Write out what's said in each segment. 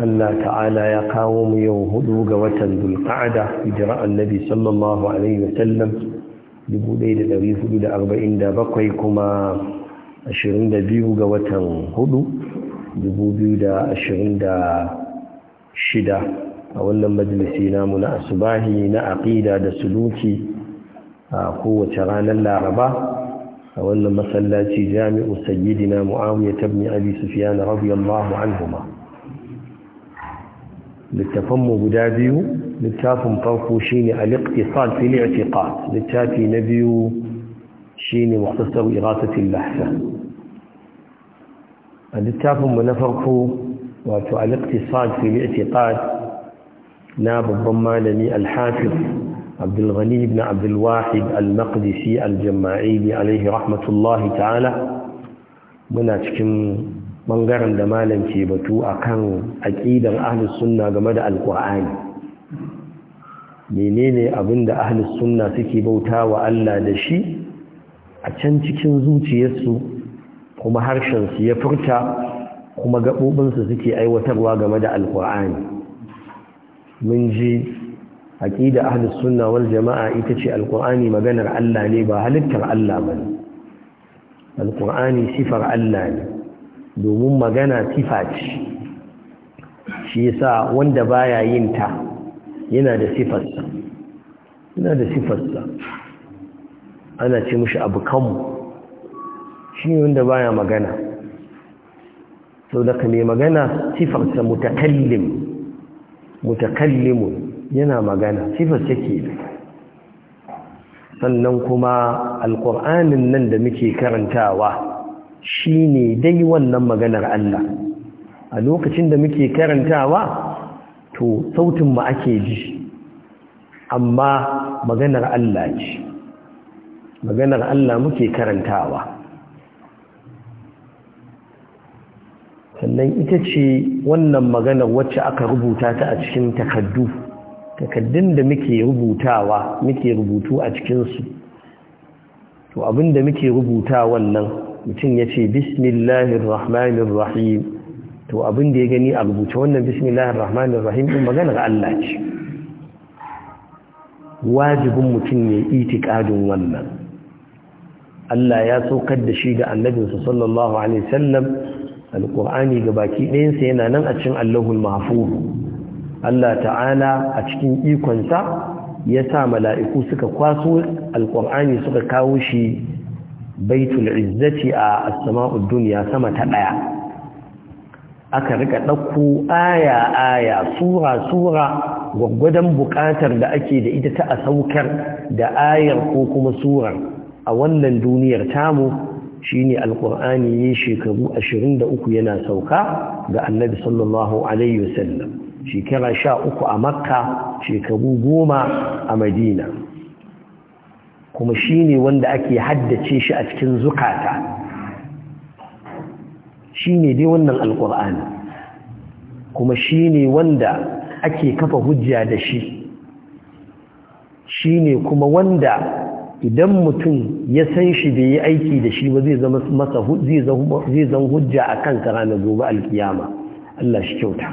Allah ta'ala ya kawo mu yau hudu ga watan Dulqa'ada hijira Annabi sallallahu alaihi sallam, 1447 kuma 22 ga watan hudu 2026 a wannan majalisi namu na asubahi na aqida da suluki a kowace ranar Laraba a wannan masallaci jami'u sayyidina Muawiya ibn Abi Sufyan radiyallahu anhuma للتفهم بدابيو للتافم فرقو شيني الاقتصاد في الاعتقاد للتافي نبيو شيني مختصر إغاثة اللحسة للتافم ونفرقو واتو الاقتصاد في الاعتقاد ناب الضمالني الحافظ عبد الغني بن عبد الواحد المقدسي الجماعي عليه رحمة الله تعالى مناتكم bangaren da malam ke batu akan aƙidar ahlus sunna game da alqur'ani menene abinda ahlus sunna suke bautawa Allah da shi a can cikin zuciyarsu kuma harshen su ya furta kuma gaɓoɓinsu suke aiwatarwa game da alqur'ani mun ji aqida ahlus suna wal jama'a ita ce alqur'ani maganar Allah ne ba halittar Allah ne. alqur'ani sifar Allah ne domin magana sifa ce shi yasa wanda baya yin ta yana da sifarsa yana da sifarsa ana ce mishi abu kanmu shi ne wanda baya magana sau da mai magana sifarsa mutakallim mutakallimun yana magana sifarsa ke sannan kuma alkur'anin nan da muke karantawa Shi ne dai wannan maganar Allah a lokacin da muke karantawa to sautin mu ake ji amma maganar Allah ce maganar Allah muke karantawa sannan ita ce wannan maganar wacce aka rubuta ta a cikin takaddu takaddun da muke rubutawa muke rubutu a cikinsu to abinda muke rubuta wannan mutum ya ce bismillahir rahmanir rahim to abin da ya gani a rubuce wannan bismillahir rahmanir rahim din maganar Allah ce wajibin mutum ya itiqadin wannan Allah ya saukar da shi ga annabi sallallahu alaihi wasallam alqur'ani ga baki ɗayansa yana nan a cikin Allahul mahfuz Allah ta'ala a cikin ikonsa ya sa mala'iku suka kwaso alqur'ani suka kawo shi baitul izzati a as-sama'ud dunya sama ta daya aka rika dauko aya aya sura sura gwaggwadan bukatar da ake da ita ta saukar da ayar ko kuma surar a wannan duniyar tamu shine alqur'ani yi shekaru 23 yana sauka ga annabi sallallahu alaihi wasallam shekara 13 a makka shekaru 10 a madina kuma ne wanda ake haddace shi a cikin zukata ne dai wannan alqur'ani kuma shine wanda ake kafa hujja da shi shine kuma wanda idan mutum ya san shi bai yi aiki da shi ba zai zama masa zai zan hujja akan ranar gobe alkiyama Allah shi kyauta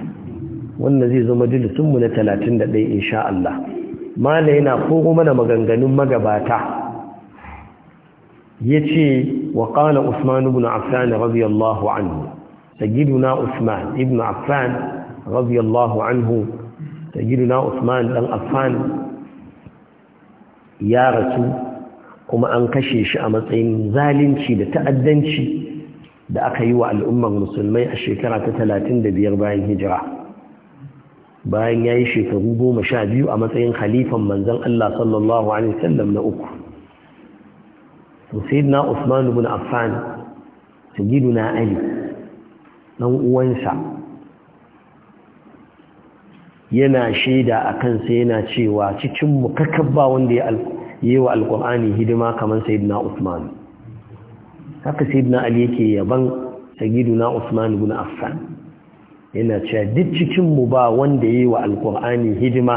wannan zai zama mu na 31 insha Allah mala yana kogo mana maganganun magabata ya ce wa usman ibn affan radiyallahu anhu sayyiduna usman ibn affan radiyallahu anhu usman dan ya rasu kuma an kashe shi a matsayin zalunci da ta'addanci da aka yi wa al'ummar musulmai a shekara ta 35 bayan hijira bayan ya yi shekaru goma sha biyu a matsayin khalifan manzan Allah sallallahu Alaihi wasallam na uku. To na Usman ibn Affan, gidu na Ali, ɗan uwansa, yana shaida a kansa yana cewa cikin ba wanda ya yi wa alƙur'ani hidima kamar Sayyidina Usman. Haka Sayyidina Ali yake yaban gidu na Usman ibn Affan. yana cewa duk cikinmu ba wanda ya yi wa alkur'ani hidima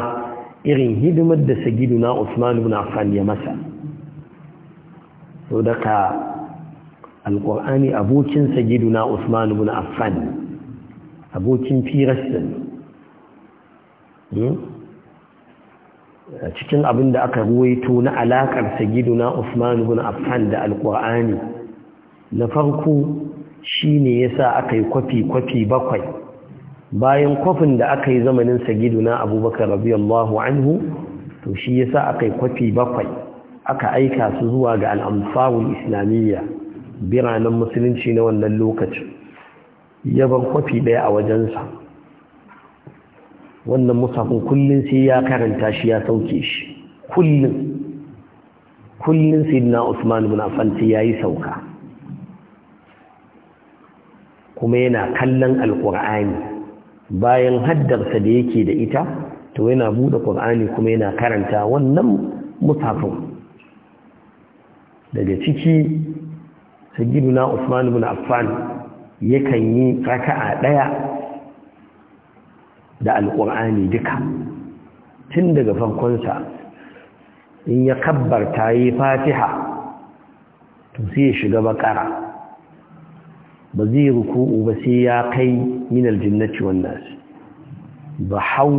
irin hidimar da sagiduna usman ibn affan ya masa so daga alkur'ani abokin sagiduna usman ibn affan abokin firastin hmm? cikin abin da aka ruwaito na alakar sagiduna usman ibn affan da alkur'ani na farko shine yasa aka yi kwafi-kwafi bakwai bayan kwafin da aka yi zamanin na abubakar rabiyallahu anhu to shi yasa aka yi kwafi bakwai aka aika su zuwa ga al’amfawul islamiyya biranen musulunci na wannan lokacin yaban kwafi ɗaya a wajensa wannan musafin kullum sai ya karanta shi ya sauke shi kullum kullum na usman bin affan ya yayi sauka kuma yana kallon Alƙur'ani. bayan haddarsa da yake da ita to yana buɗe qur'ani kuma yana karanta wannan musafin. daga ciki na Usman ibn Affan yakan yi raka'a ɗaya da alqur'ani duka tun daga farkonsa in ya kabbar ta yi Fatiha to sai ya shiga bakara ba zai ruku'u ba sai ya kai min wannan. wan nas bahau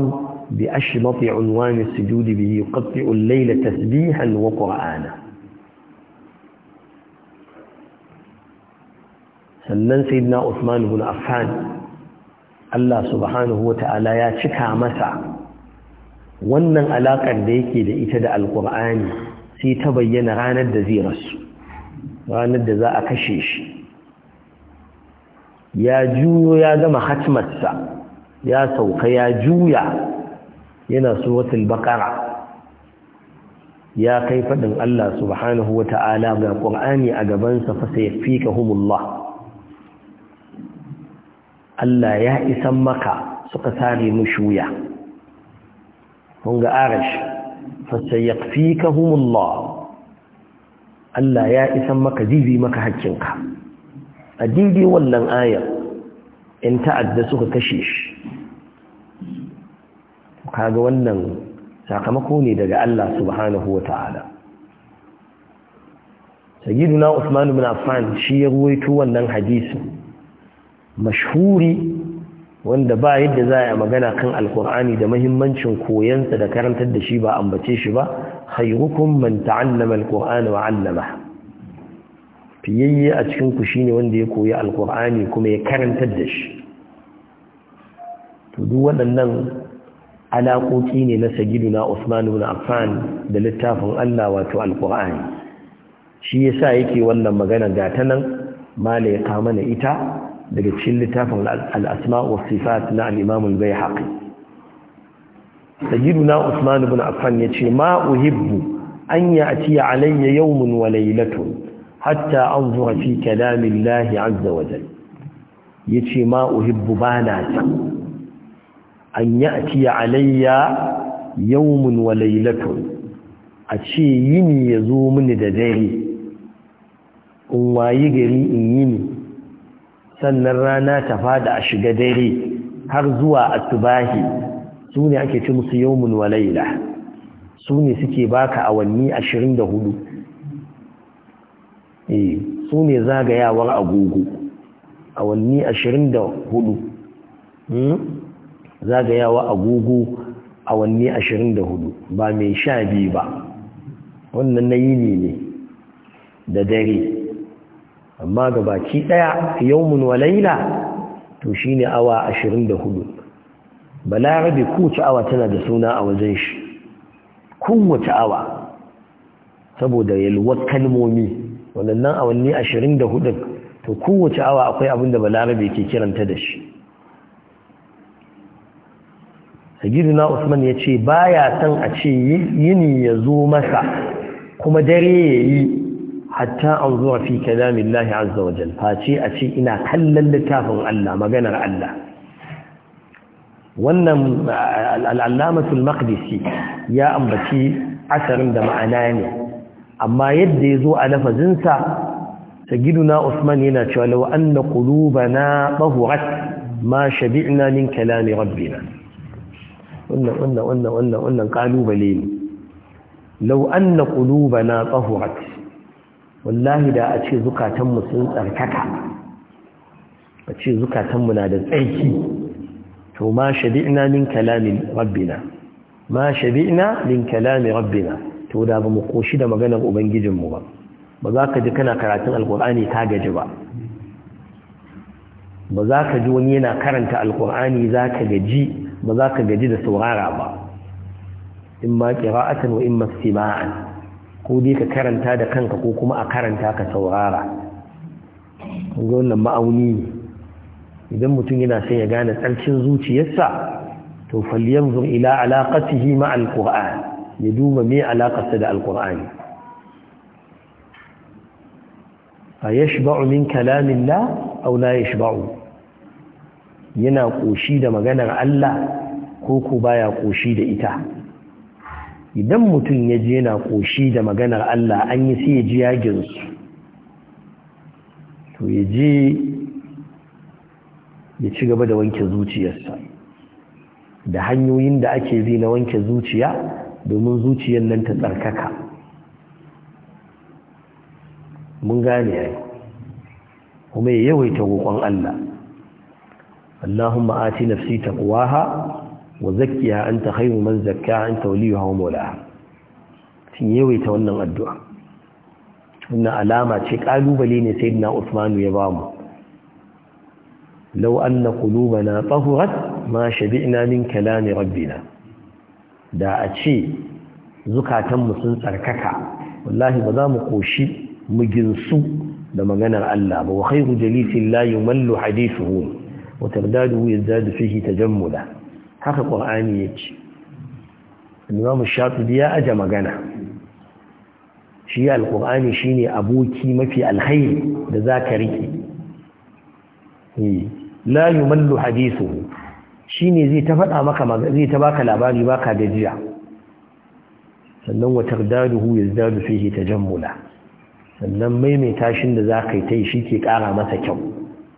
bi ashbati unwan su sujud bi yuqatti'u al-layla tasbihan wa qur'ana sannan sayyidina Usman bin Affan Allah subhanahu wa ta'ala ya cika masa wannan alaƙar da yake da ita da alƙur'ani sai ta bayyana ranar da zai rasu ranar da za a kashe shi ya juyo ya gama hatmarsa ya sauka ya juya yana suratul baqara ya kai fadin Allah subhanahu wata'ala ga Qur'ani a gabansa fa sayfikahumullah Allah ya isan maka suka sare mushuya kun ga arash fa sayfikahumullah Allah ya isan maka zibi maka hakkinka a daidai wannan ayar in ta'adda suka kashe shi kaga wannan sakamako ne daga Allah subhanahu wata'ala ta'ala sayyiduna Usman ibn Affan shi ya ruwaito wannan hadisi mashhuri wanda ba yadda za a yi magana kan alkur'ani da mahimmancin koyansa da karantar da shi ba ambace shi ba khairukum man ta'allama alkur'ana wa 'allama fiyayye a cikin ku shine wanda ya koyi alkur'ani kuma ya karantar da shi to duk waɗannan alaƙoƙi ne na sagiduna Usman ibn Affan da littafin Allah wato alkur'ani shi yasa yake wannan magana ga ta nan mala ya kawo mana ita daga cikin littafin al-asma wa sifat na al-imam al-baihaqi sayyiduna usman ibn affan yace ma uhibbu an ya'ti alayya yawmun wa laylatun hatta an zuwa fi kalamin lahi azza wa jal ya ce ma uhibbu ba na ta an yi a ciye alayya yawmun wa lailatun a ce yini ya zo muni da dare in wayi gari in yi ni. sannan rana ta fada a shiga dare har zuwa asubahi su ne ake ci mun yawmun wa laila su ne suke baka awanni ashirin da hudu Eh, su ne zagayawar agogo a ashirin da hudu hmm? zagayawa agogo a ashirin da hudu ba mai sha biyu ba wannan na yi ne da dare amma ga baki daya yawmun walaila to shine awa ashirin da hudu balarabe kowace awa tana da suna a wajen shi kowace awa saboda yalwar kalmomi waɗannan awanni ashirin da hudu to kowace awa akwai abin da balarabe ke kiranta da shi na usman ya ce ba ya san a ce yini ya zo masa kuma dare ya yi hatta an zuwa fi kalamin lahi azza face a ce ina kallon littafin Allah maganar Allah wannan al'allamatul maqdisi ya ambaci asarin da ma'ana ne amma yadda ya zo a lafazinsa giduna usman yana cewa law anna qulubana tahurat ma shabi'na min kalami rabbina wannan wannan wannan wannan wannan kalubale ne law kuluba na tahurat wallahi da a ce zukatanmu sun tsarkaka a ce zukatanmu na da tsarki to ma shabi'na min kalami rabbina ma shabi'na min kalami rabbina to da ba mu koshi da maganar ubangijinmu ba ba za ka ji kana karatun alkur'ani ka gaji ba ba za ka ji wani yana karanta alkur'ani za ka gaji ba za ka gaji da saurara ba in ma ƙira'atan wa in ma sima'an ko dai ka karanta da kanka ko kuma a karanta ka saurara kun ga wannan ma'auni ne idan mutum yana son ya gane tsarkin zuciyarsa to falyanzur ila alaqatihi ma alqur'an ya duba me alaƙarsa da alƙur'ani a ya shiba'u min kalamin la auna ya ya shiba'u yana ƙoshi da maganar Allah ko ko baya ƙoshi da ita idan mutum ya je yana ƙoshi da maganar Allah an yi sai ya ji yaginsu to ya ji ya ci gaba da wanke zuciyarsa da hanyoyin da ake bi na wanke zuciya domin zuciyar nan ta tsarkaka mun gane ya kuma ya yawaita roƙon Allah Allahumma ati nafsi taqwaha wa zakkiha anta haihu man an anta waliyuha wa mawlaha sun yawaita wannan addu'a wannan alama ce kalubale ne sai na Usmanu ya bamu law anna qulubana tahurat ma ina min rabbi rabbina da a ce zukatanmu sun tsarkaka wallahi ba za mu koshi muginsu da maganar Allah ba wa khairu jalisin la yumallu hadithuhu wa tardadu yazdadu fihi tajammula haka qur'ani yace Imam Shafi'i ya aje magana shi alqur'ani shine aboki mafi alkhairi da zaka rike eh, la yumallu hadithuhu Shi ne zai ta faɗa maka zai ta baka labari baka gajiya sannan wa tardaduhu shi ta jammula sannan maimaita shi da za ka yi ta yi shi ke ƙara masa kyau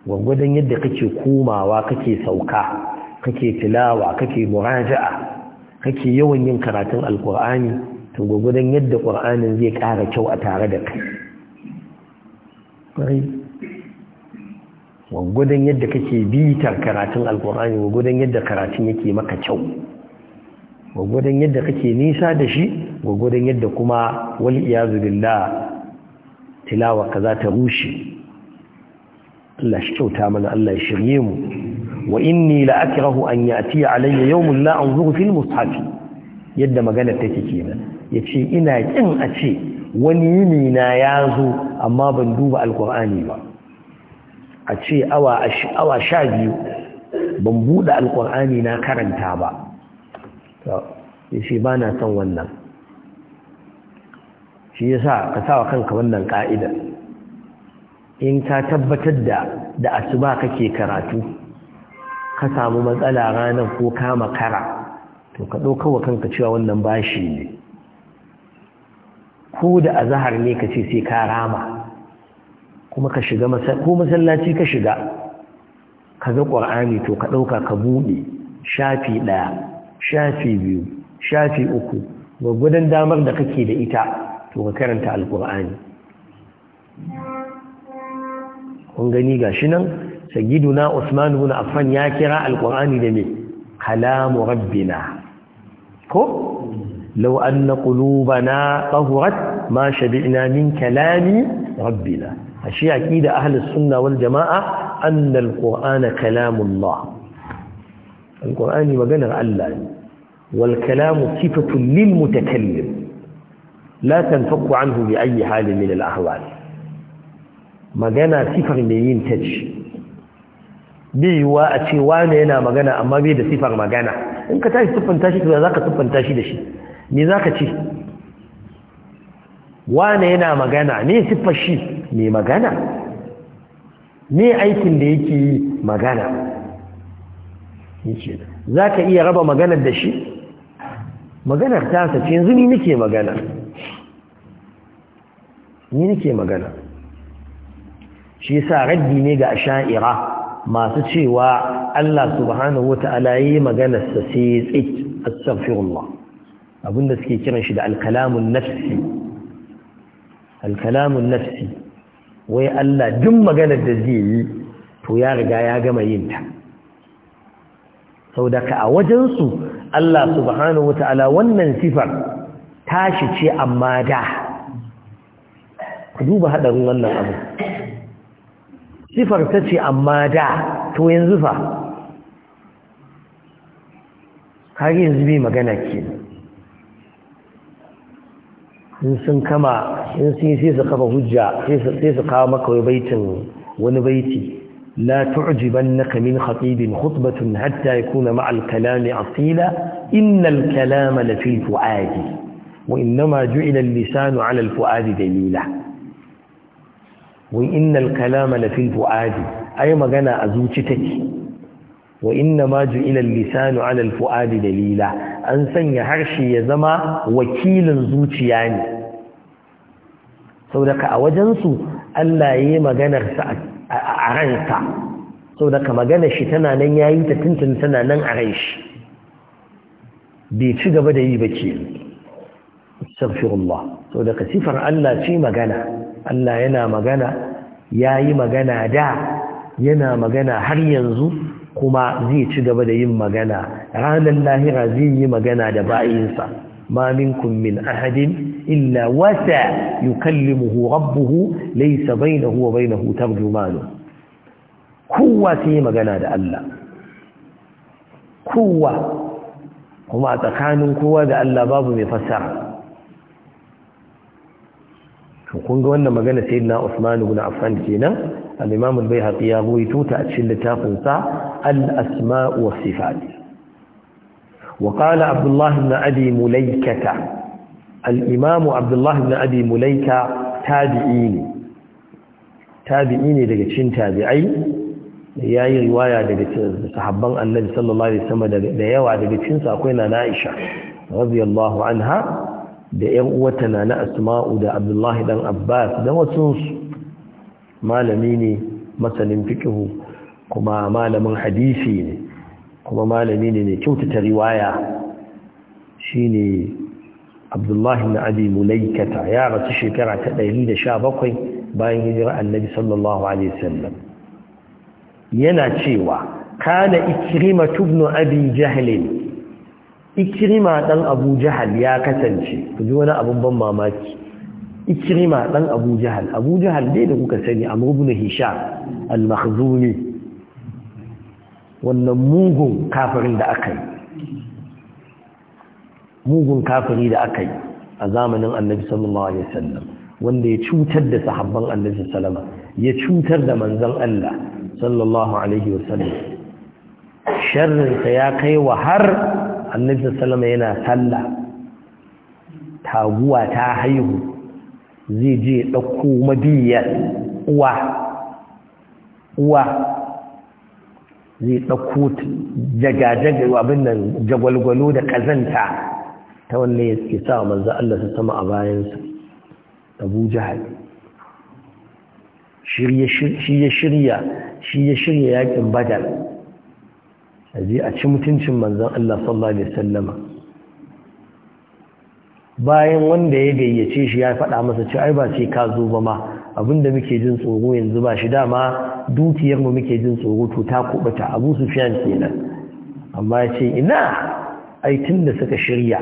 gwagwadon yadda kake komawa kake sauka kake tilawa kake muraja'a kake yawan yin karatun alkur'ani to gwagwadon yadda ƙur'anin zai ƙara kyau a tare da kai gudun yadda kake bitar karatun alkur'ani gudun yadda karatun yake maka kyau gudun yadda kake nisa da shi gudun yadda kuma wal iyazu billah tilawa ka za ta rushe Allah shi kyauta mana Allah ya shirye mu wa inni la akrahu an yati alayya yawmun la anzuru fil mushaf yadda magana take kenan yace ina kin a ce wani yini na yazo amma ban duba alkur'ani ba a ce awa sha biyu ban buɗe alƙur'ani na karanta ba ya ce ba na son wannan shi ya sa ka sa wa kanka wannan ƙa'ida in ka tabbatar da da asuba kake karatu ka samu matsala ranar ko kama kara to ka wa kanka cewa wannan bashi ne ko da a zahar ne ka ce sai ka rama kuma ka shiga ko masallaci ka shiga ka ga ƙwar'ani to ka ɗauka ka buɗe shafi ɗaya shafi biyu shafi uku gwaggwadon damar da kake da ita to ka karanta alƙwar'ani kun gani ga shi nan na usman ibn affan ya kira alƙwar'ani da me kalamu rabbina ko لو أن قلوبنا طهرت ما شبعنا من كلام ربنا ashe aqida ahlus sunna wal jamaa anna alqur'ana kalamullah alqur'ani maganar Allah ne wal kalamu sifatun lil mutakallim la tanfaku anhu bi ayi halin min al ahwal magana sifar mai yin tace biyuwa a ce wane yana magana amma bai da sifar magana in ka tashi siffanta shi za ka siffanta shi da shi me za ka ce wane yana magana ne siffar shi mai magana ne aikin da yake magana za ka iya raba maganar da shi maganar ta sace yanzu ni nike magana ni nike magana shi yasa raddi ne ga asha'ira masu cewa Allah subhanahu wata'ala yi maganar sa sai tsit astaghfirullah abinda suke kiran shi da alkalamun nafsi alkalamun nafsi wai Allah duk maganar da zai yi to ya riga ya gama yin ta saboda ka a wajensu Allah subhanahu wata'ala wannan sifar tashi ce amma da ku duba hadarin wannan abu sifar ta ce amma da to yanzu fa har yanzu bai magana kenan in sun kama in sun yi sai su hujja sai su kawo makawai wani baiti la tuji ban na kamin hatsibin hutubatun hatta ya kuna ma'alkalami a tsila innal kalama na fi fu'adi wa inna ma ju ilal lisanu alal fu'adi dalila wa innal kalama na fi fu'adi ai magana a zuci take wa inna ma ju ilal lisanu alal fu'adi dalila an sanya harshe ya zama wakilin zuciya ne saboda ka a wajensu Allah ya yi maganarsa a ransa saboda ka maganar shi tana nan ya yi ta tuntun tana nan a ran shi bai ci gaba da yi ba ke safirullah saboda ka sifar Allah ce magana Allah yana magana ya yi magana da yana magana har yanzu kuma zai ci gaba da yin magana ranar lahira zai yi magana da bayinsa ما منكم من أحد إلا وسع يكلمه ربه ليس بينه وبينه ترجمان كوة ما قناد ألا كوة هما تقان كوة ذا باب مفسر كون قولنا ما سيدنا عثمان بن عفان كينا الإمام البيهقي يا غويتو تأتشل تاقنطا الأسماء والصفات وقال عبد الله بن أبي مليكة الإمام عبد الله بن أبي مليكة تابعيني daga cikin tabi'ai ya yi riwaya daga sahabban annabi sallallahu alaihi wasallam da yawa daga cikin su akwai na Aisha radiyallahu anha da ƴan uwata na Asma'u da Abdullah dan Abbas da wasu malami ne masanin fiqh kuma malamin hadisi ne kuma malami ne mai kyautata riwaya shine Abdullahi na Abi Mulaikata ya rasu shekara ta 117 bayan hijira Annabi sallallahu alaihi sallam, yana cewa kana Ikirima ibn Abi Jahl Ikirima dan Abu ya kasance kuji wani abun ban mamaki Ikrima dan Abu Jahl Abu Jahl dai da kuka sani Amr ibn Hisham al-Makhzumi wannan mugun kafirin da aka yi mugun kafiri da aka yi a zamanin annabi sallallahu alaihi wasallam wanda ya cutar da sahabban annabi sallama ya cutar da manzon Allah sallallahu alaihi wasallam sharrinsa ya kai wa har annabi sallama yana sallah taguwa ta haihu zai je ɗauko mabiyar uwa uwa zai ɗauko jagajaga abin nan jagwalgwalo da ƙazanta ta wannan ya ke sa manzo Allah su sama a bayansa abu jahal shi ya shirya shi ya shirya yakin badar a a ci mutuncin manzon Allah sallallahu alaihi wasallama bayan wanda ya gayyace shi ya faɗa masa cewa ai ba sai ka zo ba ma abinda muke jin tsoro yanzu ba shi dama dukiyar mu muke jin tsoro to ta kubuta abu sufyan kenan amma ya ce ina ai tun da suka shirya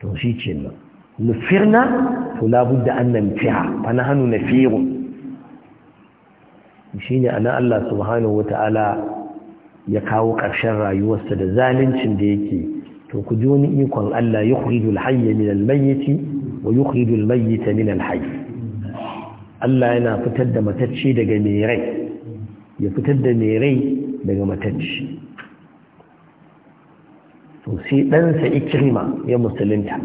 to shi ce nan nufirna to labudda an nan fiha fa na hannu na firu shi ne ana Allah subhanahu wa ta'ala ya kawo ƙarshen rayuwarsa da zaluncin da yake to ku ji wani ikon Allah yukhrijul hayya min al-mayyiti wa yukhrijul mayyita min al-hayy Allah yana fitar da matacci daga merai ya fitar da mai rai daga matacci to sai ɗansa ikirma ya musulunta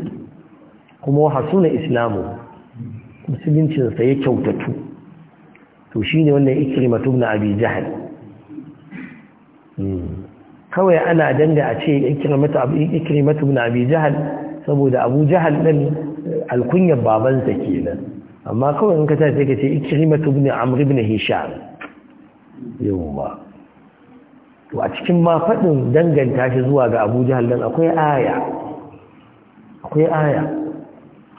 kuma wa hasuna islamu musuluncinsa ya kyautatu to shine wannan ikirma tubna abi jahal hmm. kawai ana danda a ce ikirma tubna abi jahal saboda abu jahal ɗan alkunyar babansa kenan amma kawai ka ta ka ce ikrimat ibn amri ibn hisham ba to a cikin ma fadin danganta shi zuwa ga Abu Jahal dan akwai aya akwai aya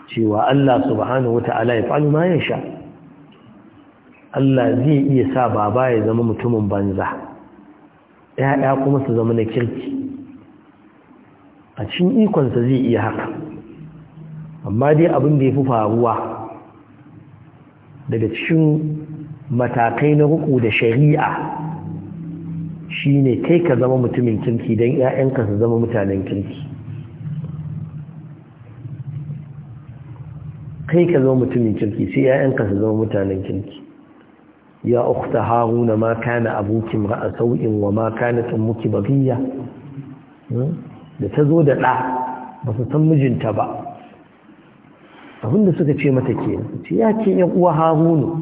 cewa Allah subhanahu ta'ala ya fa'alu ma sha, Allah zai iya sa baba ya zama mutumin banza ‘ya'ya kuma su zama na kirki a cikin ikonsa zai iya haka amma dai abin da ya fi faruwa daga cikin matakai na ruku da shari'a shine kai ka zama mutumin kirki don 'ya'yanka su zama mutanen kirki kai ka zama mutumin kirki sai 'ya'yanka su zama mutanen kirki ya ukta haruna ma kana abokin ra'a sau'in wa ma kanat ummuki bariya. Hmm? da ta zo da ɗa ba su san mijinta ba abinda suka ce mata ke ce ya ce yan uwa harunu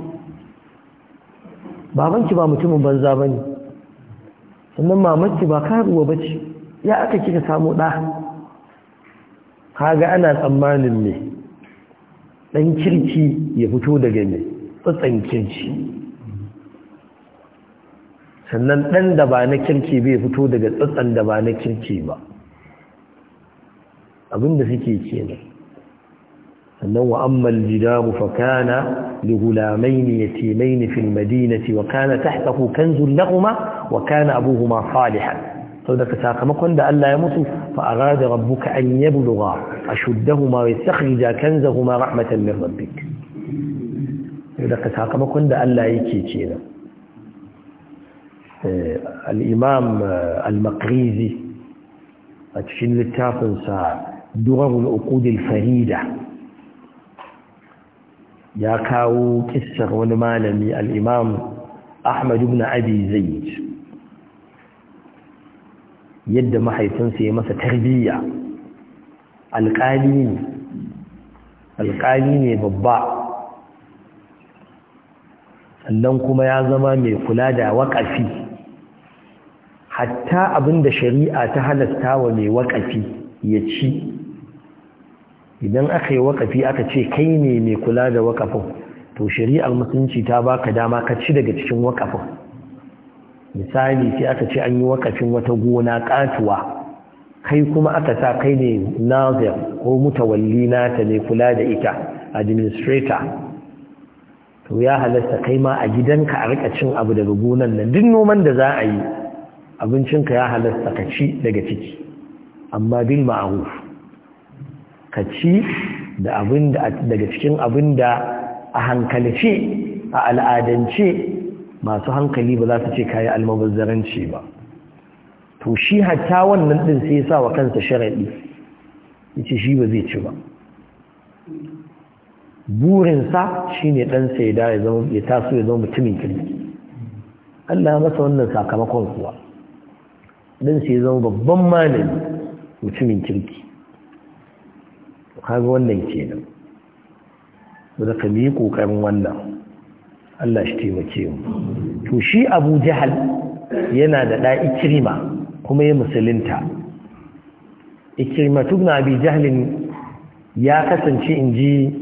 babanki ba mutumin banza ba ne sannan mamaki ba karuwa ba ce ya aka kika samu ɗa kaga ana tsammanin ne ɗan kirki ya fito daga ne tsatsan kirki sannan ɗan da ba na kirki bai fito daga tsatsan da ba na kirki ba abinda suke kenan أنه وأما الجدار فكان لغلامين يتيمين في المدينة وكان تحته كنز لهما وكان أبوهما صالحا فذلك ساقمكم ده ألا يموتوا فأراد ربك أن يبلغا أشدهما ويستخرج كنزهما رحمة من ربك فذلك ساقمكم ده ألا يكيكينا آه، الإمام آه، المقريزي أتشين للتافنسا درر الأقود الفريدة ya kawo kissar wani malami al'imam ahmad ibn abi zaid yadda mahaifinsa ya masa tarbiyya alƙali ne alƙali ne babba sannan kuma ya zama mai kula da waƙafi hatta abinda shari'a ta halasta wa mai waƙafi ya ci idan aka yi wakafi aka ce kai ne mai kula da wakafin to shari'ar musulunci ta ba ka dama ka ci daga cikin wakafin misali sai aka ce an yi wakafin wata gona katuwa kai kuma aka sa kai ne nazir ko mutawalli nata mai kula da ita administrator to ya halasta kai ma a gidanka a rika cin abu daga gonan nan duk noman da za a yi abincinka ya halasta ka ci daga ciki amma bil ma'ruf ka ci da abin daga cikin abin da a hankalce a al'adance masu hankali ba za su ce kayi almabazzaranci ba to shi hatta wannan din sai ya sa wa kansa sharadi yace shi ba zai ci ba burinsa shine ɗansa ya da ya zama ya taso ya zama mutumin kirki Allah ya masa wannan sakamakon kuwa ɗansa ya zama babban malami mutumin kirki kaga wannan kenan da ka yi ƙoƙarin wannan Allah shi taimake mu to shi Abu Jahal yana da ɗa Ikrima kuma ya musulunta Ikrima tun Abi ya kasance inji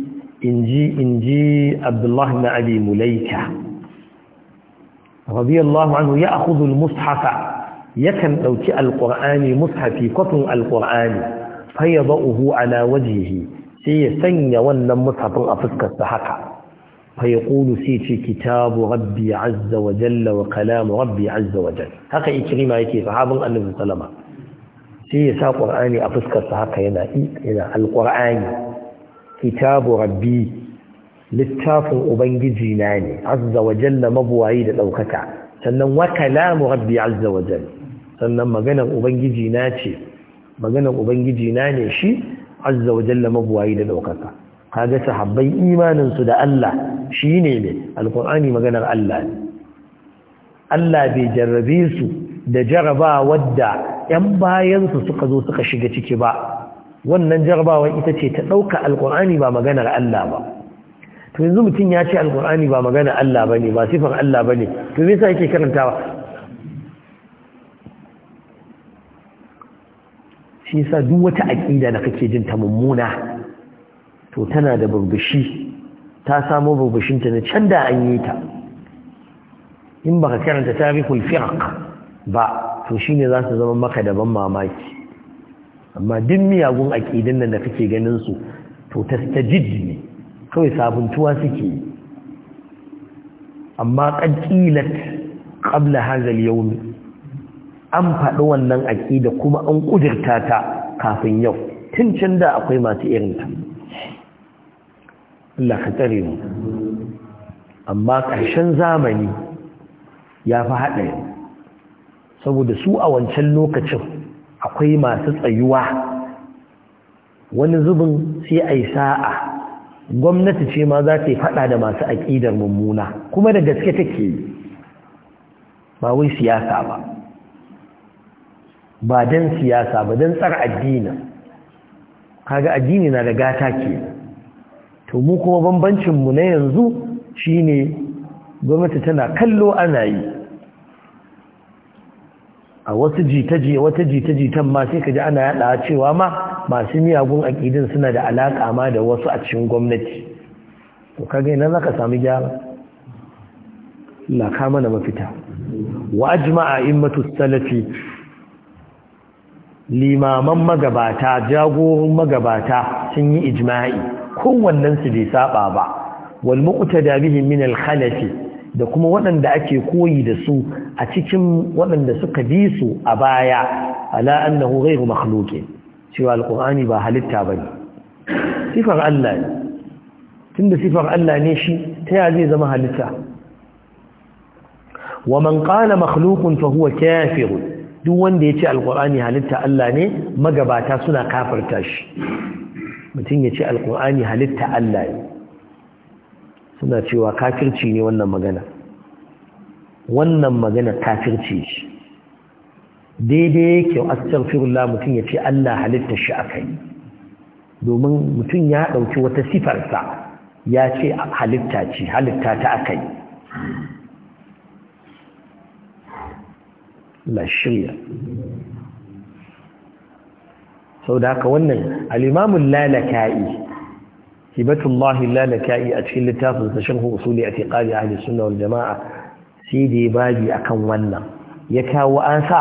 inji inji Abdullah ibn Mulaita. Rabi radiyallahu anhu ya'khudhu al-mushafa yakan ɗauki al mushafi kwafin al faya ba'uhu ala wajihi sai ya sanya wannan masafin a fuskarsa haka faya ƙulu sai ce kitabu rabbi azza jalla wa kalamu rabbi azza wa haka ikirima yake sahabin annabi sallama shi ya sa qur'ani a fuskarsa haka yana yana alqur'ani kitabu rabbi littafin ubangiji na ne azza wa jalla mabuwayi da daukaka sannan wa kalamu rabbi azza wa sannan maganar ubangiji na ce maganar ubangiji na ne shi azza wa jalla mabuwayi da daukaka kaga sahabbai imanin su da Allah shine ne alqur'ani maganar Allah ne Allah bai jarrabe su da jaraba wadda yan bayan su suka zo suka shiga ciki ba wannan jarabawa ita ce ta dauka alqur'ani ba maganar Allah ba to yanzu mutum ya ce alqur'ani ba maganar Allah bane ba sifar Allah bane to me yasa yake karantawa shi yasa duk wata aƙida da kake jin ta mummuna to tana da burbushi ta samo ta na can da an yi ta in baka karanta tarihul firq ba to shine za su zama maka daban mamaki amma duk miyagun aƙidan nan da kake ganin su to tastajid ne kawai sabuntuwa suke amma qad qilat qabla hadha al-yawm an faɗi wannan aƙida kuma an ƙudirta ta kafin yau tun can da akwai masu irin ta Allah ka mu amma ƙarshen zamani ya fi haɗari saboda su a wancan lokacin akwai masu tsayuwa wani zubin sai a yi sa'a gwamnati ce ma za ta yi faɗa da masu aƙidar mummuna kuma da gaske take ba wai siyasa ba ba don siyasa ba dan tsar addini kaga addini na da gata ke to mu kuma bambancinmu na yanzu shine gwamnati tana kallo ana yi a wasu jitaje wata jita-jitan ma sai kaji ana yada cewa ma masu miyagun aƙidin suna da alaka ma da wasu a cikin gwamnati to kaga ina zaka samu gyara la kama na mafita wa ajma'a immatu salafi limaman magabata jagorin magabata sun yi ijma'i kowannensu bai saba ba wal muqtada bihim min al da kuma waɗanda ake koyi da su a cikin waɗanda suka bi su a baya ala annahu ghayru makhluqin cewa alqur'ani ba halitta bane sifar Allah ne tunda sifar Allah ne shi ta ya zai zama halitta wa man qala makhluqun fa huwa kafirun duk wanda ya ce alkur'ani halitta Allah ne magabata suna kafarta shi mutum ya ce Alƙur'ani halitta Allah ne suna cewa kafirci ne wannan magana wannan magana kafirci shi daidai yake astaghfirullah mutum ya ce Allah halitta shi akai domin mutum ya ɗauki wata sifarsa ya ce halitta ce halitta ta akai la shirya sau da haka wannan alimamun lalaka'i hibatullahi lalaka'i a cikin littafin sashen usuli a tiƙari a halittunan wal jama'a sai da ya babi a kan wannan ya kawo an sa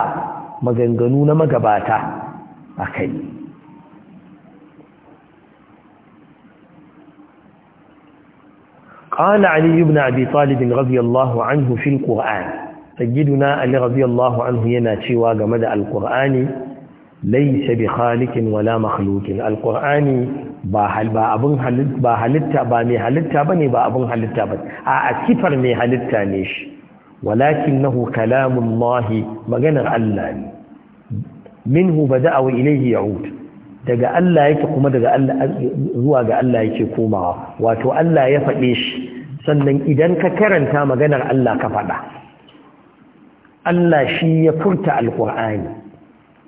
maganganu na magabata a kai قال علي بن أبي طالب رضي الله عنه في القرآن sayyiduna ali radiyallahu anhu yana cewa game da alqur'ani laysa bi khaliqin wala makhluqin alqur'ani ba hal ba abun halitta ba halitta ba mai halitta bane ba abun halitta bane a sifar mai halitta ne shi walakinahu kalamullahi maganar Allah ne minhu bada'a wa ilayhi ya'ud daga Allah yake kuma daga Allah zuwa ga Allah yake komawa wato Allah ya faɗe shi sannan idan ka karanta maganar Allah ka faɗa Allah shi ya furta alƙur'ani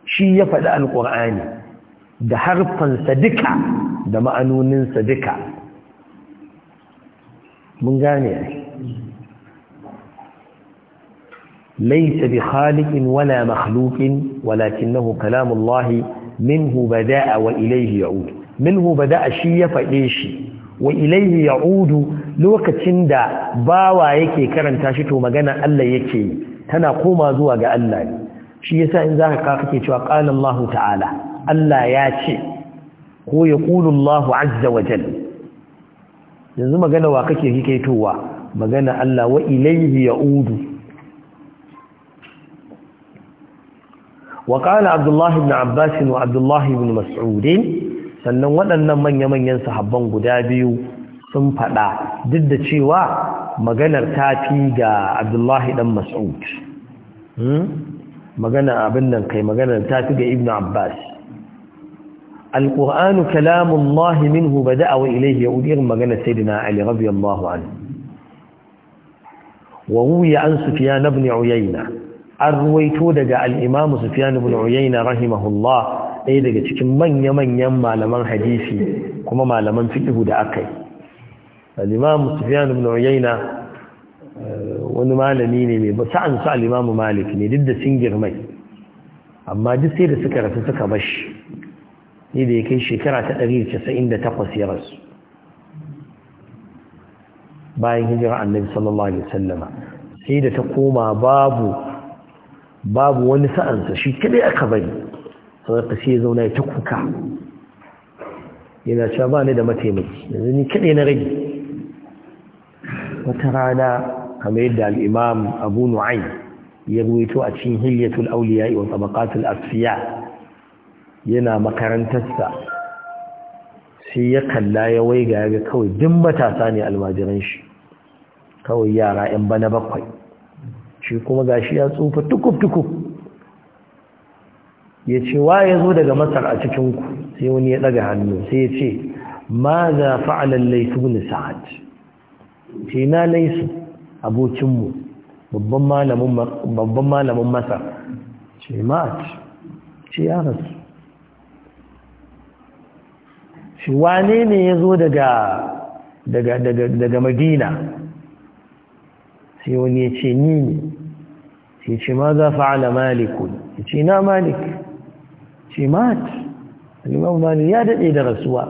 shi ya faɗi alƙur'ani da harfansa duka da ma'anoninsa duka mun gane ليس بخالق ولا مخلوق ولكنه كلام الله منه بداء وإليه يعود منه بداء شيء فإيشي wa ilaihi ya'udu lokacin da bawa yake karanta shi to magana Allah yake yi tana koma zuwa ga Allah ne shi yasa in zaka ka kake cewa qala Allahu ta'ala Allah ya ce ko ya qulu Allahu azza wa jalla yanzu magana wa kake hikaitowa magana Allah wa ilayhi ya'udu wa qala Abdullah ibn Abbas wa Abdullah ibn Mas'ud sannan waɗannan manya-manyan sahabban guda biyu sun faɗa duk da cewa maganar tafi ga abdullahi dan mas'ud hmm? magana abin nan kai maganar tafi ga ibnu abbas alqur'anu kalamullahi minhu bada'a wa ilayhi yaudir magana sayyidina ali radiyallahu anhu wa ruwiya an sufyan ibn uyayna an ruwaito daga al-imam sufyan ibn uyayna rahimahullah ɗaya daga cikin manya-manyan malaman hadisi kuma malaman fiqh da yi. al-imam sufyan ibn uyayna eh, wani malami ne mai sa'an su alimamu malik ne duk da sun girmai amma duk sai da suka rasu suka bashi ne da ya kai shekara ta 198 ya rasu bayan hijira annabi sallallahu alaihi sallama sai da ta koma babu babu wani sa'ansa shi kadai aka bari saboda sai ya zauna ya ta kuka yana cewa ba ni da mataimaki yanzu ni kadai na rage wata rana kamar yadda al'imam abu nu'ayn ya ruwaito a cikin hilyatul auliya wa tabaqatul asfiya yana makarantarsa sai ya kalla ya waiga ya ga kawai duk matasa ne almajiran shi kawai yara 'yan bana bakwai shi kuma gashi ya tsufa tukuf-tukuf ya ce wa ya zo daga masar a cikinku sai wani ya ɗaga hannu sai ya ce ma za fa'alan ne sa'ad ce na laisu abokinmu babban malamin masa ce ma'at ce ya rasu shi wane ne ya zo daga madina sai wani ya ce ni ne sai ce ma za fa'ala maliku ya ce na malik ce ma'at alimam malik ya daɗe da rasuwa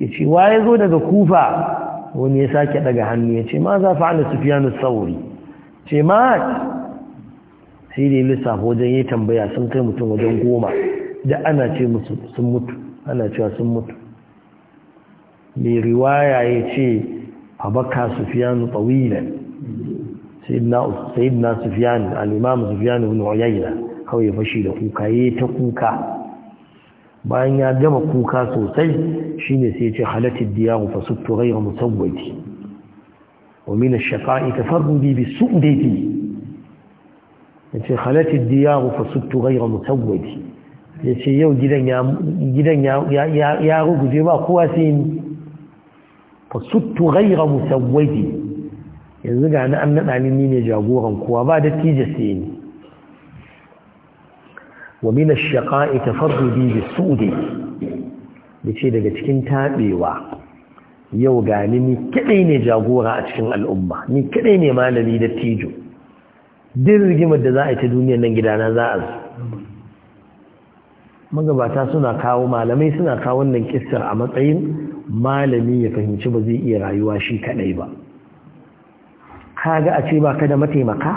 ya ce wa ya zo daga kufa wani ya sake daga hannu ya ce ma za ana sufiyanu sauri ce ma sai da lissafo wajen yi tambaya sun kai mutum wajen goma da ana ce musu sun mutu ana cewa sun mutu mai riwaya ya ce baka sufiyanu tsawilan sayidina sufiyanu al'imamu sufiyanu wani wayayya kawai fashi da kuka yi ta kuka bayan ya gama kuka sosai shine sai ya ce halatid diyaru fa suttu ghayra musawwati wa min ash-shaqa'i tafarrudi bi su'dati ce halatid diyaru fa suttu ghayra musawwati ce yau gidan ya gidan ya ya ya ruguje ba kowa sai ni fa suttu ghayra musawwati yanzu ga ni an nada ni ne jagoran kowa ba da tije sai ni wa min ash-shaqa'i tafarrudi bis-sudi yace daga cikin tabewa yau ga ni kadai ne jagora a cikin al'umma ni kadai ne malami da tijo din rigimar da za a yi ta duniyar nan gidana za a magabata suna kawo malamai suna kawo wannan kissar a matsayin malami ya fahimci ba zai iya rayuwa shi kadai ba kaga a ce ba ka da mataimaka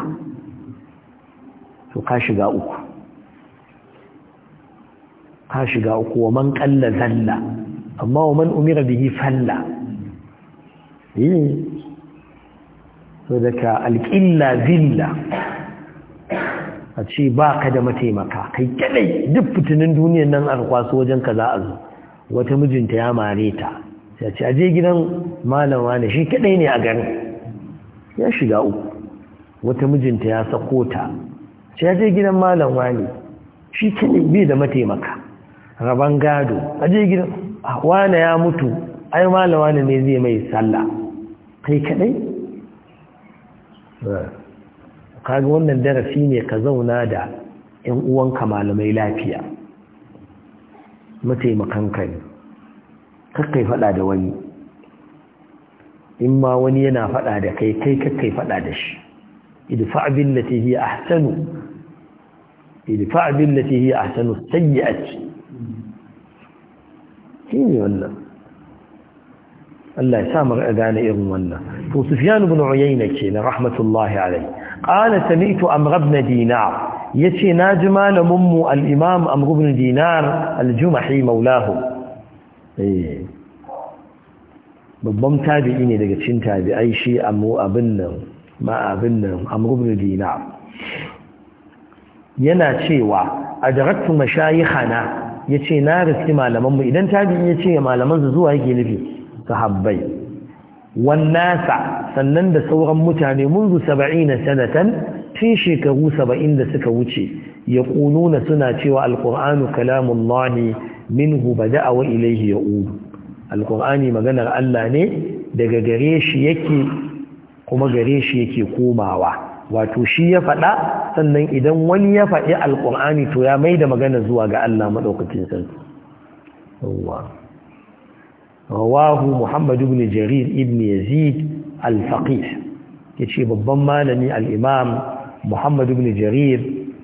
to ka shiga uku ka shiga uku wa man kalla zalla amma wa man umira bihi falla eh so daga alqilla zilla a ce ba ka da mataimaka kai kadai duk fitinin duniyar nan a kwaso wajen ka za a zo wata mijinta ya mare ta sai ce aje gidan malama ne shi kadai ne a garin ya shiga uku wata mijinta ya sako ta sai aje gidan malam wani shi kadai bai da mataimaka raban gado aje gidan ah, wane ya mutu ai malama ne zai mai sallah kai kadai kaga wannan darasi ne ka zauna da yan uwanka malamai lafiya mataimakan ne, kakai fada da wani in ma wani yana fada da kai kai kakai fada da shi idfa billati hi ahsanu idfa billati yi ahsanu sayyi'ati shi ne wannan Allah ya sa gane irin wannan to Sufyan ibn Uyayna na rahmatullahi alayhi qala sami'tu Amr ibn Dinar yace ji malamin mu al-Imam Amr ibn Dinar al-Jumahi maulahu eh babban tabi'i ne daga cikin tabi'ai shi amma abin nan ma abin nan Amr ibn Dinar yana cewa adraktu mashayikhana ya ce na riski malamanmu idan tabi'i ya ce malamansu zuwa yake nufi sahabbai wannasa sannan da sauran mutane munzu saba'ina sanatan tun shekaru saba'in da suka wuce ya ƙununa suna cewa alƙur'anu lahi minhu bada'a da'awa ilaihi ya'udu alƙur'ani maganar Allah ne daga gare shi yake kuma gare shi yake komawa wato shi ya faɗa sannan idan wani ya faɗi alƙur'ani to ya mai da magana zuwa ga Allah maɗaukacin sarki rawahu Muhammadu ibn jarir ibn yazid al-faqih yace babban malami al-imam muhammad ibn jarir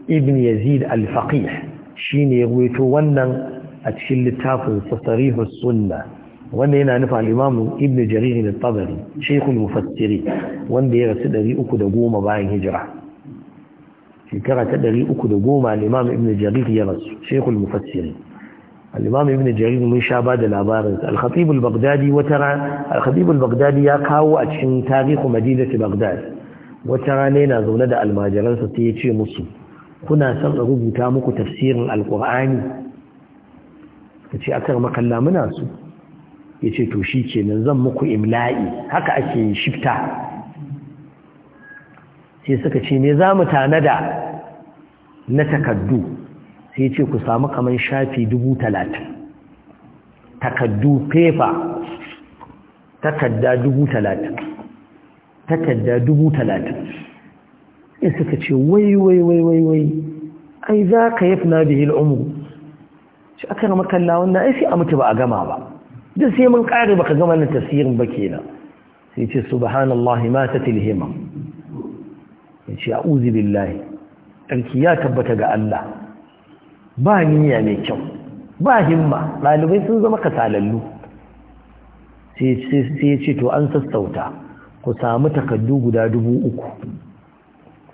ibn yazid al-faqih shine ya wannan a cikin littafin sarihus sunnah wanda yana nufa al Ibn Jarir da tabari Sheikhul Mufassiri wanda ya rasu 310 bayan hijira shekara ta 310 al-Imam Ibn Jarir ya rasu Sheikhul Mufassiri al Ibn Jarir mun sha ba da labarin Bagdadi ya kawo a cikin tarihi Madinatu bagdad wata rana yana zaune da almajiransa sai ya ce musu kuna son a rubuta muku tafsirin al-Qur'ani kace akar makalla muna su ya ce to shi kenan zan muku imla'i haka ake shifta sai suka ce ne za mu tanada na takaddu sai ce ku samu kaman shafi dubu talatin takaddu pefa takadda dubu talatin takadda dubu talatin in suka ce wai wai wai wai wai ai za ka yafna bihil umru shi aka kalla wannan ai sai a mutu ba a gama ba duk sai mun kare baka gama na tasirin ba kenan sai ce subhanallahi ma ta tatilhima yace a'udhu billahi tarki ya tabbata ga Allah ba niyya mai kyau ba himma ɗalibai sun zama kasalallu sai ya ce to an sassauta ku samu takaddu guda dubu uku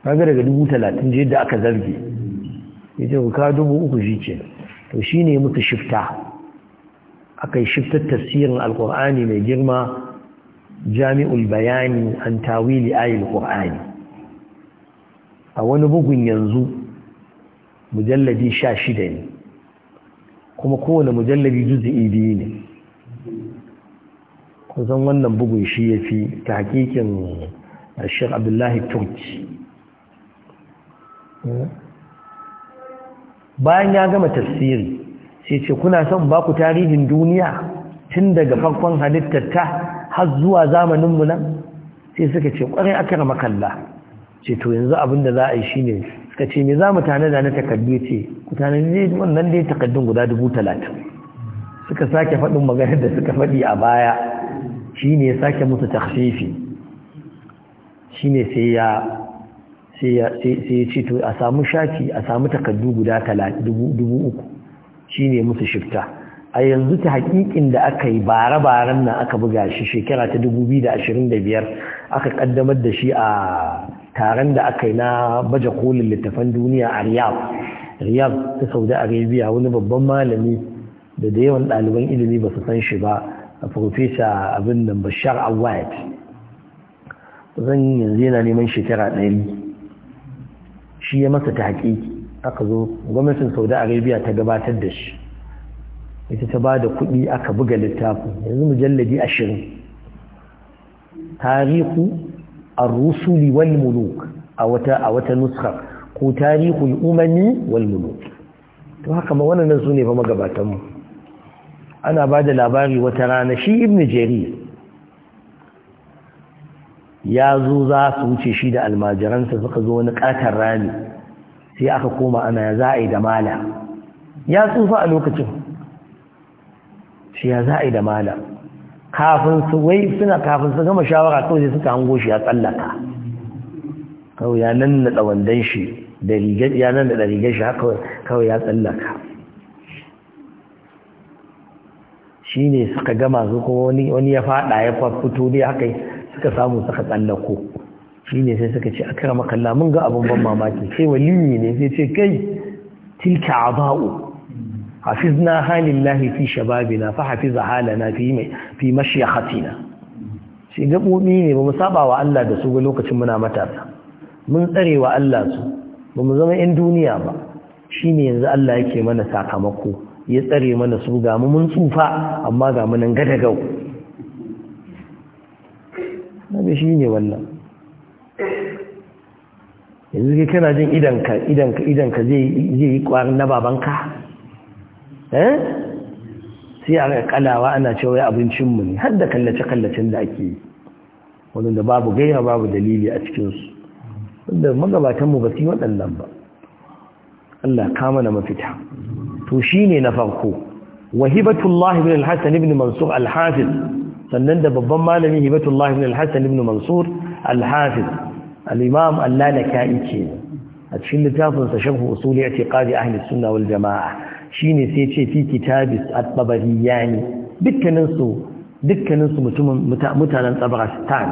kaga daga dubu talatin je da aka zarge ce ku ka dubu uku shi ke to ne musu shifta aka yi shiftar tafsirin alkur'ani mai girma jami'ul bayani an tawili ayil qur'ani a wani bugun yanzu mujalladi sha shida ne kuma kowane mujalladi juzi'i biyu ne kusan wannan bugun shi ya fi ta hakikin eh, shek abdullahi turki eh? bayan ya gama tafsiri sai ce kuna son ba ku tarihin duniya tun daga farkon halittar ta har zuwa zamaninmu nan sai suka ce kwarai aka rama kalla ce to yanzu abin da za a yi shine suka ce me za mu tane da na takardu ce ku tane ne wannan dai takardun guda dubu talatin suka sake faɗin maganar da suka faɗi a baya shine ya sake musu takhfifi shine sai ya sai ya sai ya ce to a samu shaki a samu takardu guda dubu uku Shi ne musu shifta a yanzu ta haƙiƙin da aka yi bare-baren nan aka buga shi shekara ta 2025 aka ƙaddamar da shi a taron da aka yi na baje kolin littafan duniya a Riyab riyab ta saudi arabia wani babban malami da da yawan ɗaliban ilimi ba su san shi ba a profesa abin nan bashar awad zan yanzu yana neman shekara ɗari shi ya masa ta haƙiƙi aka zo gwamnatin saudi arabia ta gabatar da shi ita ta ba da kuɗi aka buga littafin yanzu mujalladi ashirin tarihu ar-rusuli wal muluk a wata a wata nuskar ko tarihul umami wal muluk to haka ma wannan su ne fa magabatan mu ana ba da labari wata rana shi ibn jarir ya zo za su wuce shi da almajiransa suka zo wani katar rami sai aka koma ana ya za a yi da mala ya tsufa a lokacin shi ya za a yi da mala kafin su wai suna kafin su gama shawara kawai sai suka hango shi ya tsallaka kawai ya nan na tsawandan shi da rigar ya nan da rigar shi kawai ya tsallaka shi ne suka gama su kuma wani ya fada ya fito dai haka yi. suka samu suka tsallako shi ne sai suka ce a kira makalla mun ga abin ban mamaki sai waliyi ne sai ce kai tilka aba'u hafizna halillahi fi shababina fa hafiza halana fi mai fi mashyahatina shi gaɓoɓi ne ba mu saba wa Allah da su ga lokacin muna matasa mun tsare wa Allah su ba mu zama yan duniya ba Shi ne yanzu Allah yake mana sakamako ya tsare mana su ga mu mun tsufa amma ga mu nan gadagau ne shi ne wannan yanzu kai kana jin idanka idanka idanka zai yi kwarin na babanka eh sai a kalawa ana cewa ya abincinmu ne har da kallace-kallacen da ake yi wadanda babu gaira babu dalili a cikinsu wanda magabatanmu ba su yi waɗannan ba Allah kama na mafita to shi ne na farko wahibatullahi ibn al ibn mansur al sannan da babban malami hibatullahi ibn al-hasan ibn mansur al-hafiz al-imam al-lalaka'i ce a cikin littafin sa sharh usul i'tiqadi ahli sunna wal jamaa shine sai ce fi kitab at-tabariyani dukkanin su dukkanin su mutumin mutanen tabaristan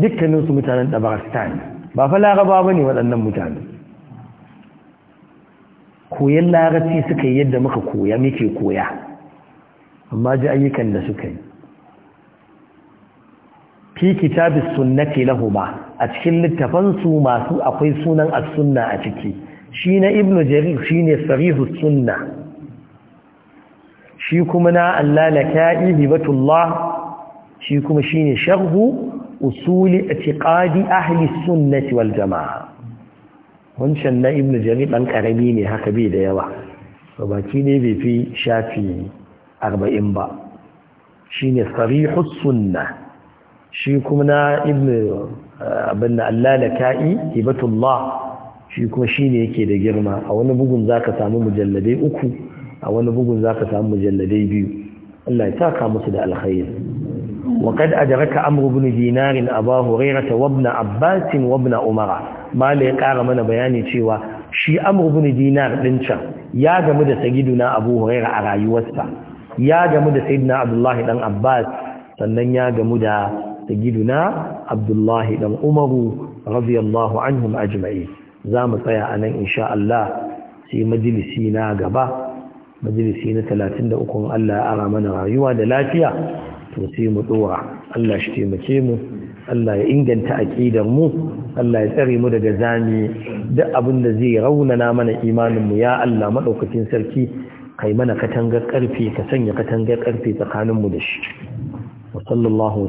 dukkanin su mutanen tabaristan ba fa laraba bane waɗannan mutane koyan larabci suka yi yadda muka koya muke koya amma ji ayyukan da suka yi fi kitabis sunnati lahuma a cikin littafansu masu akwai sunan as-sunna a ciki shi na ibnu jarir shine sarihus sunna shi kuma na allalaka'i hibatullah shi kuma shine sharhu usuli i'tiqadi ahli sunnati wal jamaa wancan na ibnu jarir dan karami ne haka bai da yawa baki ne bai fi shafi arba'in ba shi ne sarihus sunna shi kuma na ibn eh, abin ka'i hibatullah shi kuma shi ne yake da girma a wani bugun za ka samu mujalladai uku a wani bugun za ka samu mujalladai biyu Allah ya taka musu da alkhairi وقد أدرك أمر بن دينار أبا هريرة وابن عباس وابن أمرا ما cewa من بياني شوى شي أمر بن دينار لنشا da جمد سيدنا أبو هريرة على يوسف ya gamu da sayyidina abdullahi dan abbas sannan ya gamu da sayyiduna abdullahi dan umaru radiyallahu anhum ajma'i za mu tsaya a nan insha Allah sai majalisi na gaba majalisi na 33 Allah ya ara mana rayuwa da lafiya to sai mu dora Allah shi taimake mu Allah ya inganta aƙidar mu Allah ya tsare mu daga zami duk abin da zai raunana mana imanin mu ya Allah madaukakin sarki kai mana katangar karfe ka sanya katangar karfe tsakaninmu da shi wa sallallahu